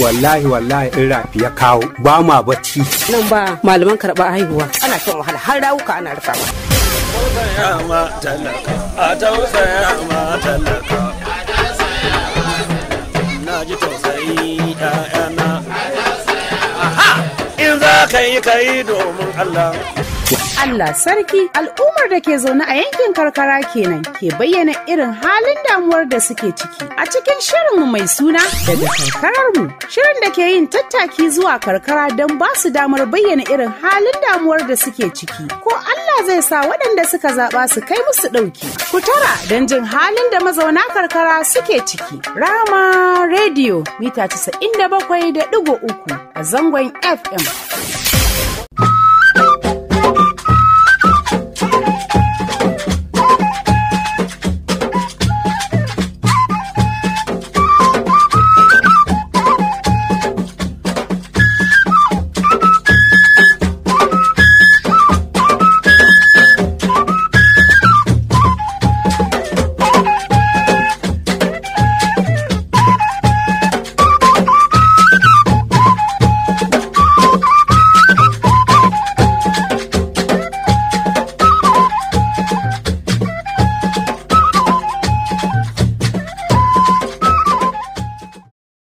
wallahi wallahi in rafi ya kawo ba ma bacci nan ba malaman karɓa haihuwa ana shan wahala har rawuka ana rufa a tausaya ma na in za ka yi ka yi domin Allah Allah sarki al'ummar da ke zaune a yankin karkara kenan ke bayyana irin halin damuwar da suke ciki a cikin shirinmu mai suna daga karkarar mu shirin da ke yin tattaki zuwa karkara don ba su damar bayyana irin halin damuwar da suke ciki ko Allah zai sa waɗanda suka zaɓa su kai musu ɗauki ku tara don jin halin da mazauna karkara suke ciki rama rediyo mita 97.3 a zangon fm